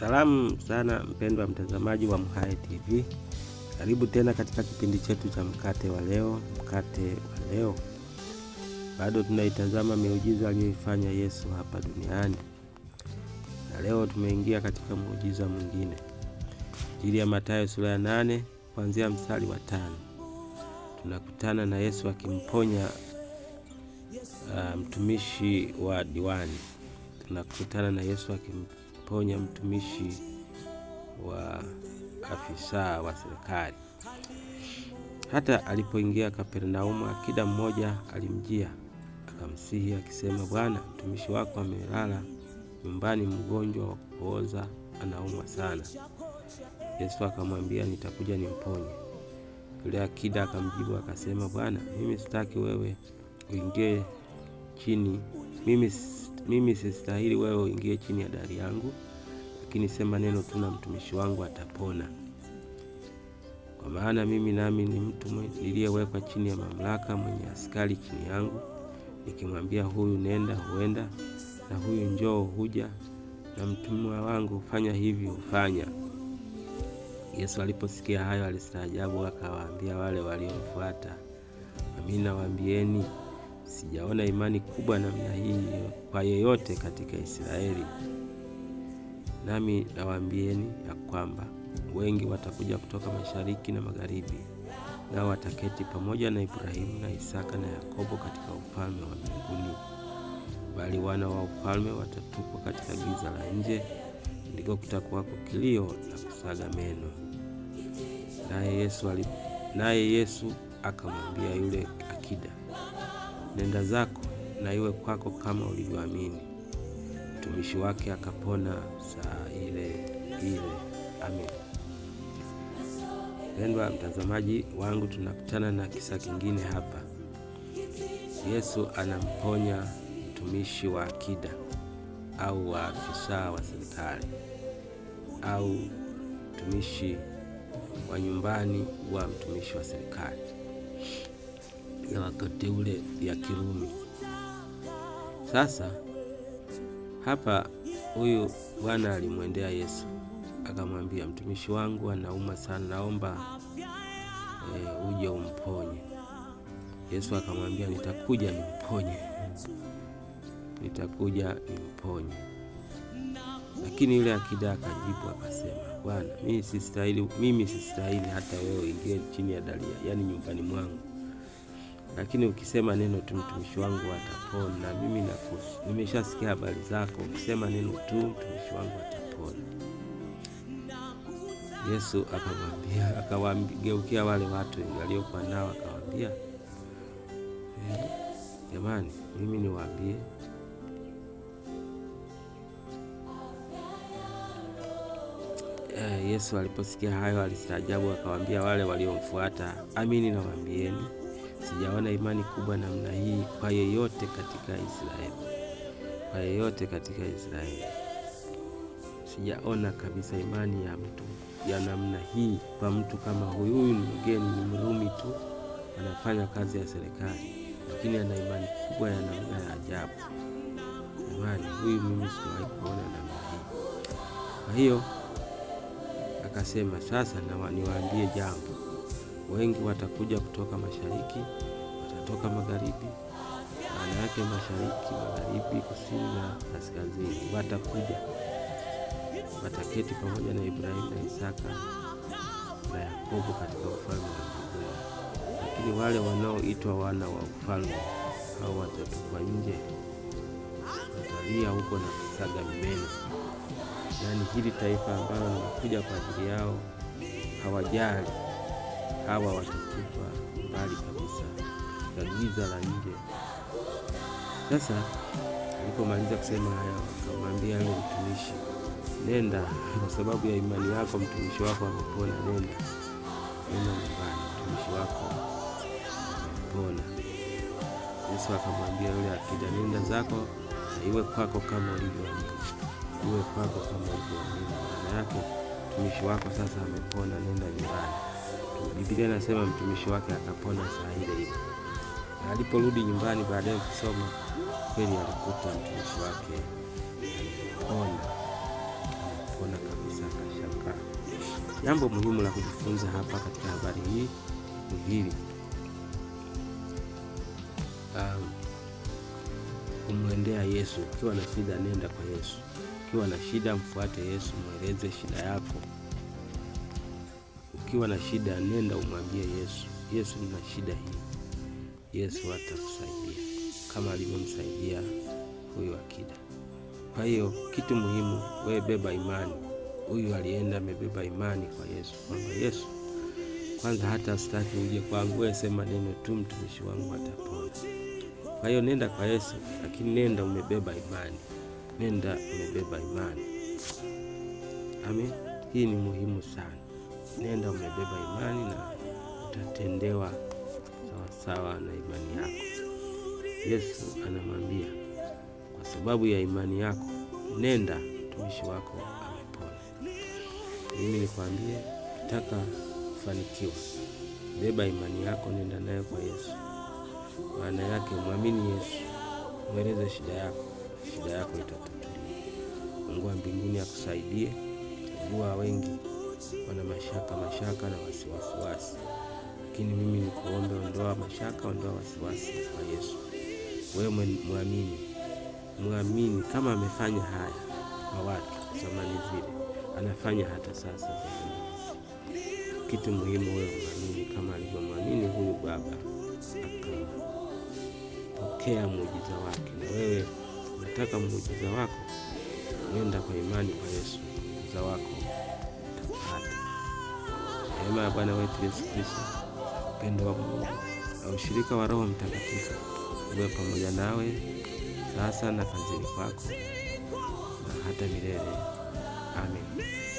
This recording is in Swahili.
Salamu sana mpendwa mtazamaji wa MHAE TV, karibu tena katika kipindi chetu cha mkate wa leo. Mkate wa leo bado tunaitazama miujiza aliyoifanya Yesu hapa duniani, na leo tumeingia katika muujiza mwingine. Injili ya Mathayo sura ya nane kuanzia mstari wa tano tunakutana na Yesu akimponya uh, mtumishi wa diwani. Tunakutana na Yesu akimponya kumponya mtumishi wa afisa wa serikali. Hata alipoingia Kapernaumu, akida mmoja alimjia akamsihi akisema, Bwana, mtumishi wako amelala nyumbani mgonjwa wa kupooza, anaumwa sana. Yesu akamwambia, nitakuja nimponye. Yule akida akamjibu akasema, Bwana, mimi sitaki wewe uingie chini, mimi, mimi sistahili wewe uingie chini ya dari yangu lakini sema neno tu na mtumishi wangu atapona, kwa maana mimi nami ni mtu niliyewekwa chini ya mamlaka, mwenye askari chini yangu, nikimwambia huyu nenda, huenda, na huyu njoo, huja, na mtumwa wangu hufanya hivi, hufanya. Yesu aliposikia hayo alistaajabu, akawaambia wale waliomfuata, Amini nawaambieni sijaona imani kubwa namna hii kwa yeyote katika Israeli. Nami nawaambieni ya kwamba wengi watakuja kutoka mashariki na magharibi, nao wataketi pamoja na Ibrahimu na Isaka na Yakobo katika ufalme wa mbinguni, bali wana wa ufalme watatupwa katika giza la nje, ndiko kutakuwako kilio na kusaga meno. Naye Yesu, naye Yesu akamwambia yule akida, nenda zako na iwe kwako kama ulivyoamini mtumishi wake akapona saa ile ile. Amen. Pendwa mtazamaji wangu, tunakutana na kisa kingine hapa. Yesu anamponya mtumishi wa akida au wa afisa wa serikali au mtumishi wa nyumbani wa mtumishi wa serikali ya wakati ule ya Kirumi. Sasa hapa huyu bwana alimwendea Yesu akamwambia, mtumishi wangu anauma sana, naomba e, uje umponye. Yesu akamwambia, nitakuja nimponye, nitakuja nimponye. Lakini yule akida akajibu akasema, Bwana, mimi sistahili, mimi sistahili hata wewe ingie chini ya dalia, yaani nyumbani mwangu lakini ukisema neno tu mtumishi wangu atapona. Mimi nakusu, nimeshasikia habari zako, ukisema neno tu mtumishi wangu atapona. Yesu akamwambia, akawageukia wale watu waliokuwa nao akawambia eh, jamani, mimi niwaambie eh, Yesu aliposikia hayo alistaajabu, akawaambia wale waliomfuata, amini nawaambieni Sijaona imani kubwa namna hii kwa yeyote katika Israeli, kwa yeyote katika Israeli. Sijaona kabisa imani ya mtu ya namna hii kwa mtu kama huyu. Huyu ni mgeni, ni Mrumi tu, anafanya kazi ya serikali, lakini ana imani kubwa ya namna ya ajabu. Imani huyu mimi siwahi kuona namna hii. Kwa hiyo akasema sasa, na niwaambie jambo wengi watakuja kutoka mashariki, watatoka magharibi, maana yake mashariki, magharibi, kusini na kaskazini watakuja, wataketi pamoja na Ibrahimu na Isaka na Yakobo katika ufalme wa mbinguni. Lakini wale wanaoitwa wana wa ufalme hao watatupwa nje, watalia huko na kusaga meno. Yaani hili taifa ambalo linakuja kwa ajili yao hawajali hawa watakufa mbali kabisa ya giza la nje. Sasa alipomaliza kusema haya, akamwambia yule mtumishi, nenda, kwa sababu ya imani yako mtumishi wako amepona. Nenda, nenda nyumbani, mtumishi wako amepona. Yesu akamwambia yule akija, nenda zako na iwe kwako kama ulivyoamini, iwe kwako kama ulivyoamini. Maana yake mtumishi wako sasa amepona, nenda nyumbani. Biblia inasema mtumishi wake akapona saa ile ile. Aliporudi nyumbani baadaye kusoma, kweli alikuta mtumishi wake alipona, alipona kabisa, kashaka Jambo muhimu la kujifunza hapa katika habari hii ni hili um, kumwendea Yesu. Ukiwa na shida, nenda kwa Yesu. Ukiwa na shida, mfuate Yesu, mweleze shida yako ukiwa na shida, nenda umwambie Yesu, Yesu, nina shida hii. Yesu atakusaidia kama alivyomsaidia huyu akida. Kwa hiyo kitu muhimu, wewe beba imani. Huyu alienda amebeba imani kwa Yesu kwamba Yesu kwanza hata sitaki uje kwangu, wewe sema neno tu, mtumishi wangu atapona. Kwa hiyo nenda kwa Yesu, lakini nenda umebeba imani, nenda umebeba imani. Amen, hii ni muhimu sana nenda umebeba imani na utatendewa sawasawa na imani yako. Yesu anamwambia kwa sababu ya imani yako, nenda, mtumishi wako amepona. Mimi nikwambie, ukitaka kufanikiwa, beba imani yako, nenda nayo kwa Yesu. Maana yake mwamini Yesu, mweleze shida yako, shida yako itatatuliwa. Mungu wa mbinguni akusaidie. kuwa wengi wana mashaka mashaka na wasiwasi wasi, lakini mimi nikuombe, ondoa mashaka, ondoa wasiwasi kwa Yesu. Wewe mwamini, mwamini kama amefanya haya kwa watu zamani zile, anafanya hata sasa Kitu muhimu wewe mwamini, kama alivyomwamini huyu baba akapokea muujiza wake. Na wewe unataka muujiza wako, nenda kwa imani kwa Yesu, muujiza wako neema ya Bwana wetu Yesu Kristo, upendo wa Mungu na ushirika wa Roho Mtakatifu uwe pamoja nawe sasa na kazini kwako na hata milele. Amen.